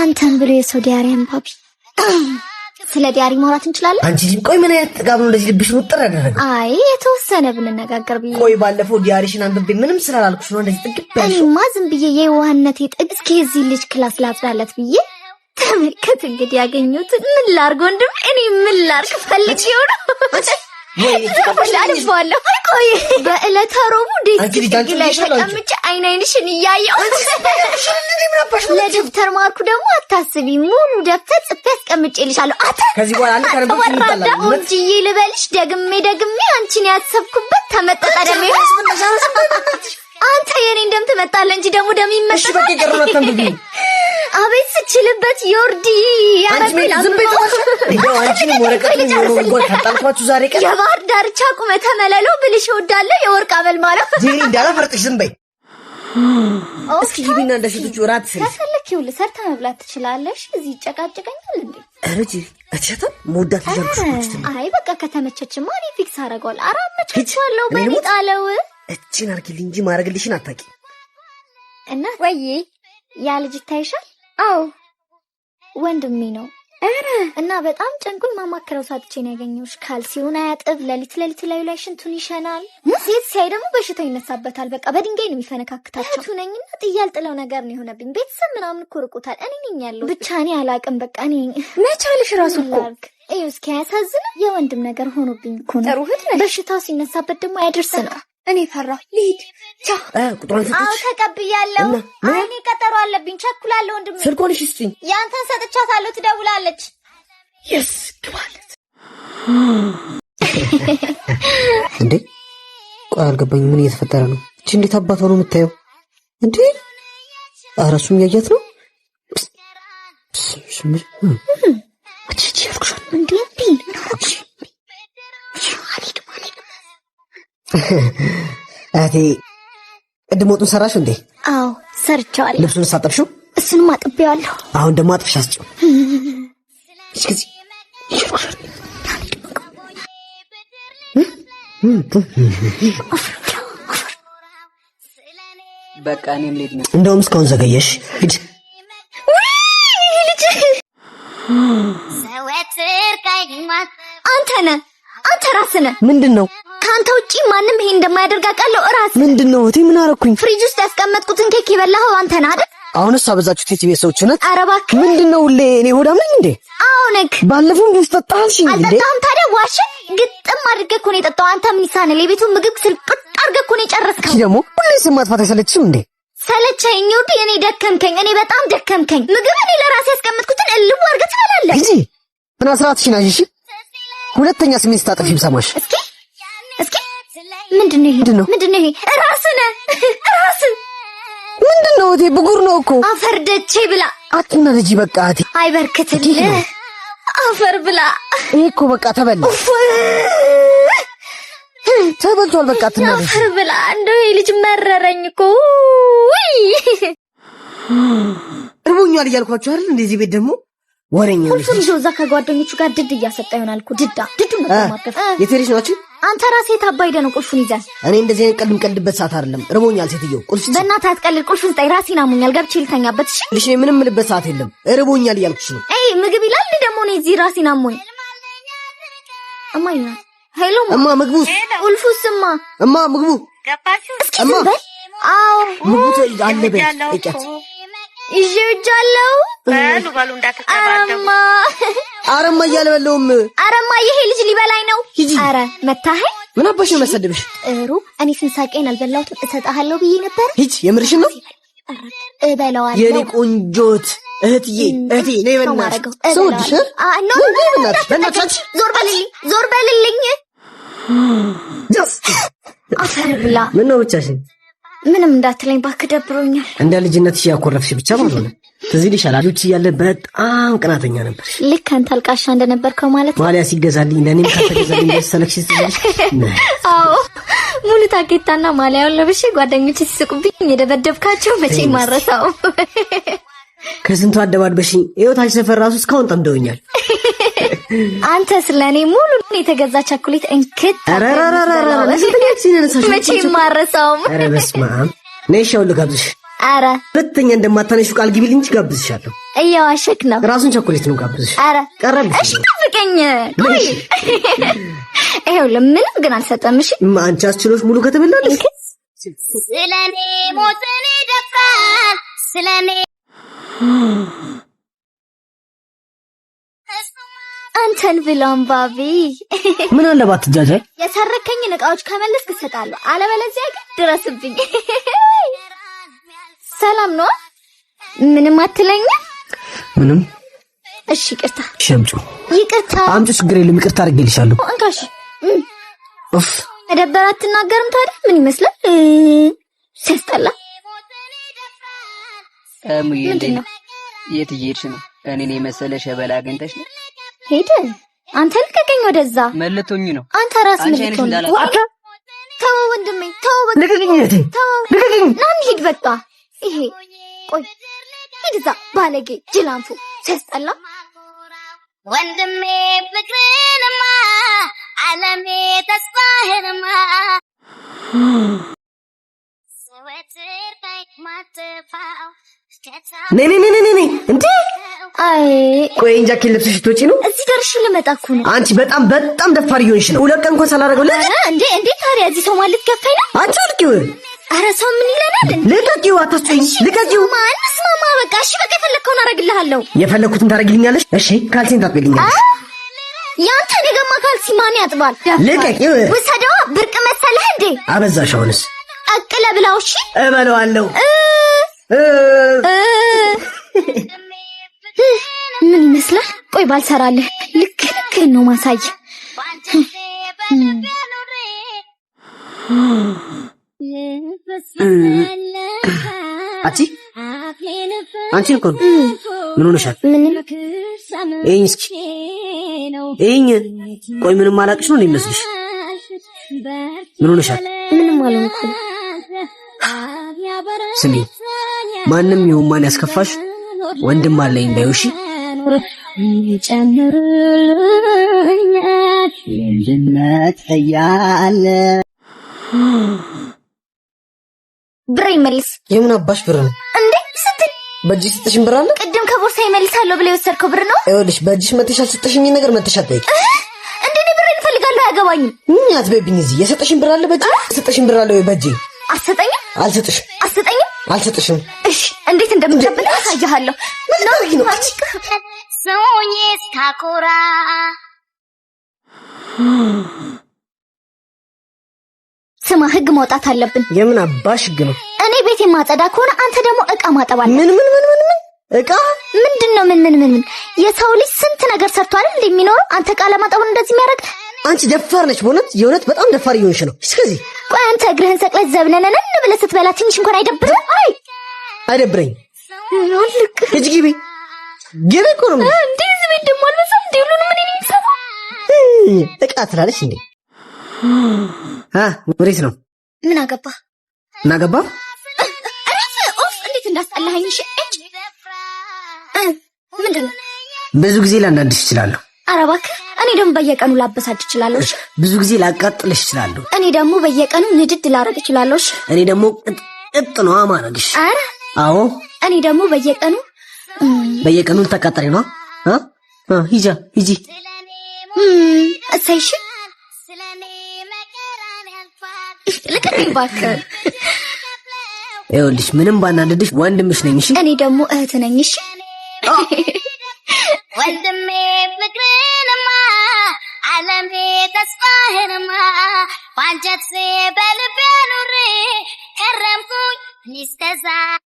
አንተን ብሎ የሰው ዲያሪ አንባቢ። ስለ ዲያሪ ማውራት እንችላለን። አንቺ ልጅ ቆይ፣ ምን አይነት ጥጋብ ነው እንደዚህ ልብሽን ውጥር ያደረገ? አይ የተወሰነ ብንነጋገር ብዬ። ቆይ ባለፈው ዲያሪሽን አንብቤ ምንም ስላላልኩሽ ነው እንደዚህ ጥግብ ያልሽ? እኔማ ዝም ብዬ የዋህነቴ ጥግ፣ እስኪ የዚህ ልጅ ክላስ ላጽዳለት ብዬ ተመልከት እንግዲህ ያገኘሁት ምን ላርግ ወንድም፣ እኔ ምን ላርግ ፈልግ ይሆነ አልፈዋለሁ። ቆይ በዕለተ ረቡዕ ዴስክ ላይ ተቀምጬ አይን አይንሽን እያየሁ ለደብተር ማርኩ ደግሞ አታስቢ፣ ሙሉ ደብተር ጽፌ አስቀምጬልሻለሁ። ሙጅዬ ልበልሽ ደግሜ ደግሜ አንቺን ያሰብኩበት ተመጠጠ ደሜ። አንተ የኔ እንደምትመጣለህ እንጂ ደግሞ ደሜ ይመጣል። አቤት ስችልበት ዮርዲ የባህር ዳርቻ ቁመ ተመለለው ብልሽ እወዳለሁ የወርቅ አመል ማለው እንዳላ ፈርጥሽ ዝም በይ እስኪ ግቢና እንደ ሴቶች እራት ስሪ ከፈለክ ይኸውልህ ሰርታ መብላት ትችላለሽ እዚህ ይጨቃጨቀኛል እንዴ ኧረ ጅል አትሸታም መውዳት ልጃልሽ አይ በቃ ከተመቸች ማሪ ፊክስ አደርገዋለሁ ኧረ አመቻችዋለሁ በእኔ ጣለው እችን አርጊልኝ እንጂ ማረግልሽን አታውቂም እና ወይ ያ ልጅ ይታይሻል አዎ ወንድሜ ነው። ኧረ እና በጣም ጨንቁን ማማከረው ሳጥቼ ነው ያገኘሁሽ። ካልሲውን አያጥብ፣ ለሊት ለሊት ላዩ ላይ ሽንቱን ይሸናል። ሴት ሲያይ ደግሞ በሽታው ይነሳበታል። በቃ በድንጋይ ነው የሚፈነካክታቸው። እህቱ ነኝና ጥያል ጥለው ነገር ነው የሆነብኝ። ቤተሰብ ምናምን እኮ ርቆታል። እኔ ነኝ ያለው ብቻ እኔ አላቅም። በቃ እኔ መቻልሽ ራሱ እኮ እዩ እስኪ ያሳዝን። የወንድም ነገር ሆኖብኝ እኮ ነው። ጥሩ እህት ነሽ። በሽታው ሲነሳበት ደግሞ አያደርስ ነው እኔ ፈራሁ። ልሂድ። ቻው። ቁጥሯን ሰጥቼ ተቀብያለሁ። እኔ ቀጠሮ አለብኝ፣ ቸኩላለሁ። ወንድሜ ስልኮን እሺ፣ ያንተን ሰጥቻታለሁ፣ ትደውላለች። የስ ግባለት እንዴ! ቆይ አልገባኝ፣ ምን እየተፈጠረ ነው? እቺ እንዴት አባቷ ነው የምታየው? እንዴ! አረሱም ያያት ነው እህቴ ቅድም ወጡን ሰራሽ እንዴ? አዎ ሰርቼዋለሁ። ልብሱን ሳጠብሹ? እሱንም አጥቤዋለሁ። አሁን ደግሞ አጥብሽ አስጭው። በቃ እኔም ልሄድ ነው። እንደውም እስካሁን ዘገየሽ። ሂድ አንተ ነህ። አንተ ራስህ ነህ። ምንድን ነው ከአንተ ውጪ ማንም ይሄ እንደማያደርግ አውቃለሁ። እራስ ምንድነው እህቴ? ምን አረኩኝ? ፍሪጅ ውስጥ ያስቀመጥኩትን ኬክ የበላኸው አንተ ነህ አይደል? አሁንስ አበዛችሁት የቤት ሰዎች ነት። ኧረ እባክህ ምንድነው? ሁሌ እኔ ሆዳም ነኝ እንዴ? አሁንክ ነክ ባለፈው እንዴት ጠጣሽ እንዴ? አልጠጣም። ታዲያ ዋሽ ግጥም አድርገህ እኮ ነው የጠጣው። አንተ ምን ይሳንል? የቤቱን ምግብ ስልቅጥ አድርገህ እኮ ነው የጨረስከው። ደግሞ ሁሌ ስም ማጥፋት አይሰለችሽም እንዴ? ሰለቸኝ ውድ እኔ ደከምከኝ፣ እኔ በጣም ደከምከኝ። ምግብ እኔ ለራሴ ያስቀመጥኩትን እልው አድርገህ ትበላለህ እዚህ ምን አስራት አይሽ ሁለተኛ ስሜት ስታጠፊ ሰማሽ እስኪ እስኪ ምንድን ነው ይሄ? ምንድን ነው ይሄ? ራስ ነህ ራስ። ምንድን ነው እቴ? ብጉር ነው እኮ አፈር ደቼ ብላ አትናደጂ። በቃ እቴ አይበርክትልህ አፈር ብላ። ይሄ እኮ በቃ ተበላ ተበልቷል። በቃ አትናደጂ። አፈር ብላ። እንደው ይሄ ልጅ መረረኝ እኮ እርቦኛል እያልኳቸው አይደል? እንደዚህ ቤት ደግሞ ወሬኛ ልጅ እዛ ከጓደኞቹ ጋር ድድ እያሰጣ ይሆናል እኮ ድዳ ድዱ ነው ማከፍ የቴሪሽ ናችሁ አንተ ራስህ የት አባይ ሄደህ ነው ቁልፉን ይዘህ? እኔ እንደዚህ አይነት ቀልድ የምቀልድበት ሰዓት አይደለም። ርቦኛል ሴትዮ፣ ቁልፍ በእናትህ አትቀልድ። ቁልፉን ስጠኝ፣ ራሴን አሞኛል። ገብቼ ልተኛበት። እሺ ልሽ ምንም የምልበት ሰዓት የለም። ርቦኛል እያልኩሽ ነው። አይ ምግብ ይላል ደግሞ እኔ እዚህ ራሴን አሞኝ። እማዬ ሄሎ፣ እማ ምግቡ ቁልፉስ? ስማ እማ ምግቡ ገባችሁ? እማ አዎ ምግቡ አለበት እጫት ይዤ እጃለሁ። በሉ በሉ እንዳትተባደሙ። አረማ አረማ እያልበለውም አረማ ይሄ ልጅ ልትበላኝ ነው? አረ መታኸኝ። ምን አባሽ ነው መሰደብሽ? ጥሩ እኔ ስንሳቄን አልበላሁትም። እሰጥሃለሁ ብዬ ነበር። ሂጅ። የምርሽን ነው? እበለዋለሁ። የኔ ቆንጆት እህትዬ፣ እህቴ ነው የበናትሽ። ሰውድሽ አኖ በናትሽ። ዞር በልልኝ፣ ዞር በልልኝ። አፈርብላ ምን ነው ብቻሽን? ምንም እንዳትለኝ እባክህ፣ ደብሮኛል። እንደ ልጅነትሽ ያኮረፍሽ ብቻ ማለት ነው ትዝ ይልሻል ልጆች እያለን በጣም ቅናተኛ ነበር። ልክ አንተ አልቃሻ እንደነበርከው ማለት ነው። ማሊያ ሲገዛልኝ ለእኔም ከተገዛልኝ ደሰለክሽ አዎ ሙሉ ታኬታና ማሊያውን ለብሼ ጓደኞች ሲስቁብኝ የደበደብካቸው መቼ ማረሳው። ከስንቱ አደባድበሽኝ ይኸው ሰፈር ራሱ እስካሁን ጠምደውኛል። አንተ ስለእኔ ሙሉ የተገዛ ቻኩሌት እንክት መቼ ማረሳውም። ልጋብዝሽ አረ ሁለተኛ እንደማታነሽ ቃል ግቢል እንጂ ጋብዝሻለሁ። እያዋሸክ ነው። ራሱን ቸኮሌት ነው ጋብዝሽ። አረ ቀረብ። እሺ ጠብቀኝ። ወይ ይኸውልህ፣ ምንም ግን አልሰጠም። እሺ አንቺ አስችሎሽ ሙሉ ከተበላለሽ ስለኔ ሞትን ይደፋል ስለኔ አንተን ብሎም ባቢ ምን አለባት ጃጃይ የተረከኝን እቃዎች ከመለስክ እሰጣለሁ፣ አለበለዚያ ግን ድረስብኝ። ሰላም ነው? ምንም አትለኝም? ምንም። እሺ ይቅርታ። እሺ አምጪ። ይቅርታ አምጪ። ችግር የለም ይቅርታ አድርጌልሻለሁ። እንካሽ ኡፍ መደበር አትናገርም ታዲያ ምን ይመስላል? ሲያስጠላ። እሙዬ እንዴት የት እየሄድሽ ነው? እኔን የመሰለ ሸበላ አግኝተሽ ነው? ሄደ አንተ ልቀቀኝ፣ ወደዛ መልቶኝ ነው። አንተ ራስ መልቶኝ። ተወው ወንድሜ፣ ተወው በቃ ልቀቀኝ፣ ልቀቀኝ። ና እንሂድ በቃ ይሄ ቆይ ሂድዛ ባለጌ ጅላንፉ ሲያስጠላ ወንድሜ ፍቅርንማ አለሜ ተስፋህንማ ነይ ነይ ነይ ነይ እንዴ! አይ ቆይ እንጃ ኬል ልብስሽ ትወጪ ነው? እዚህ ደርሽ ልመጣ እኮ ነው። አንቺ በጣም በጣም ደፋር እየሆንሽ ነው። ሁለት ቀን እንኳን ሳላደርገው ለእንዴ እንዴ! ታዲያ እዚህ ሰው ማለት ገፋኝ ነው። አንቺ አልቂው አረ ሰው ምን ይለናል? ልቀቂው፣ አታስጨኝ፣ ልቀቂው። ማንስ ማማ፣ በቃ እሺ፣ በቃ የፈለግከውን አረግልሃለሁ። የፈለግኩትን ታረግልኛለሽ? እሺ፣ ካልሲን ታጥብልኛለሽ? ያንተ ደገማ ካልሲ ማን ያጥባል? ልቀቂው። ውሰደዋ፣ ብርቅ መሰለህ እንዴ? አበዛሽ። አሁንስ አቅለ ብላው። እሺ፣ እበለዋለሁ። ምን ይመስላል? ቆይ ባልሰራልህ። ልክ ልክ ነው ማሳይ አንቺ አንቺ እኮ ምን ሆነሻል? ይሄኝ እስኪ ይሄኝ ቆይ፣ ምንም አላቅሽ ነው የሚመስልሽ? ምን ሆነሻል? ምንም አልሆንኩም። ስሚ፣ ማንም ይሁን ማን ያስከፋሽ ወንድም አለኝ እንዳይው እሺ። ጨምርልኛል ወንድነት ያለ ብር ይመልስ። የምን አባሽ ብር ነው እንዴ? ስትል በእጅ ስጥሽን ብር አለ። ቅድም ከቦርሳ ይመልሳለሁ ብለ የወሰድከው ብር ነው። ይኸውልሽ በእጅሽ መተሻል ስጥሽኝ ነገር መተሻል ጠይቅ እንዴ። እኔ ብር እንፈልጋለሁ አያገባኝም። ምን አትበይብኝ። እዚህ የሰጠሽን ብር አለ በእጅ ስጥሽን ብር አለ ወይ በእጅ አትሰጠኝም። አልሰጥሽም። አትሰጠኝም። አልሰጥሽም። እሺ እንዴት እንደምትቀበል አሳያለሁ። ምን ነው ማውጣት አለብን። የምን አባሽ ግን እኔ ቤት የማጸዳ ከሆነ አንተ ደግሞ እቃ ማጠባለ። ምን ምን ምን ምን ምን እቃ ምንድን ነው? ምን ምን ምን ምን የሰው ልጅ ስንት ነገር ሰርቶ አይደል እንደሚኖረው አንተ እቃ ለማጠቡን እንደዚህ የሚያደርግ አንቺ ደፋር ነች። በእውነት የእውነት በጣም ደፋር እየሆንሽ ነው። እስከዚህ ቆይ አንተ እግርህን ሰቅለህ ዘብነነን ብለህ ስትበላ ትንሽ እንኳን አይደብርም? አይ አይደብረኝ። ልክ እጅ ግቢ ግቢ እኮ ነው እንዴ እዚህ ቤት ደግሞ አልበዛም እንዴ ሁሉንም እኔ ነኝ እቃ ትላለች እንዴ? ወዴት ነው ምን አገባ ምን አገባ እረፍ። ኦፍ እንዴት እንዳስጠላኸኝ! እሺ እጅ ምንድን ነው? ብዙ ጊዜ ላናድሽ እችላለሁ። ኧረ እባክህ። እኔ ደግሞ በየቀኑ ላበሳጭ እችላለሁ። እሺ ብዙ ጊዜ ላቃጥልሽ እችላለሁ። እኔ ደግሞ በየቀኑ ንድድ ላረግ እችላለሁ። እሺ እኔ ደግሞ ቅጥ ነው ማረግሽ። ኧረ አዎ እኔ ደግሞ በየቀኑ በየቀኑ ልታቃጥሪ ነው። ሂጂ ሂጂ እሺ ልቀቀኝ እባክህ። ይኸውልሽ ምንም ባናደድሽ ወንድምሽ ነኝ። እሺ እኔ ደግሞ እህት ነኝ። እሺ ወንድሜ ፍቅርንማ ዓለሜ ተስፋህንማ ባንጀት በልቤ ኑሬ ከረምኩኝ እስከ ዛሬ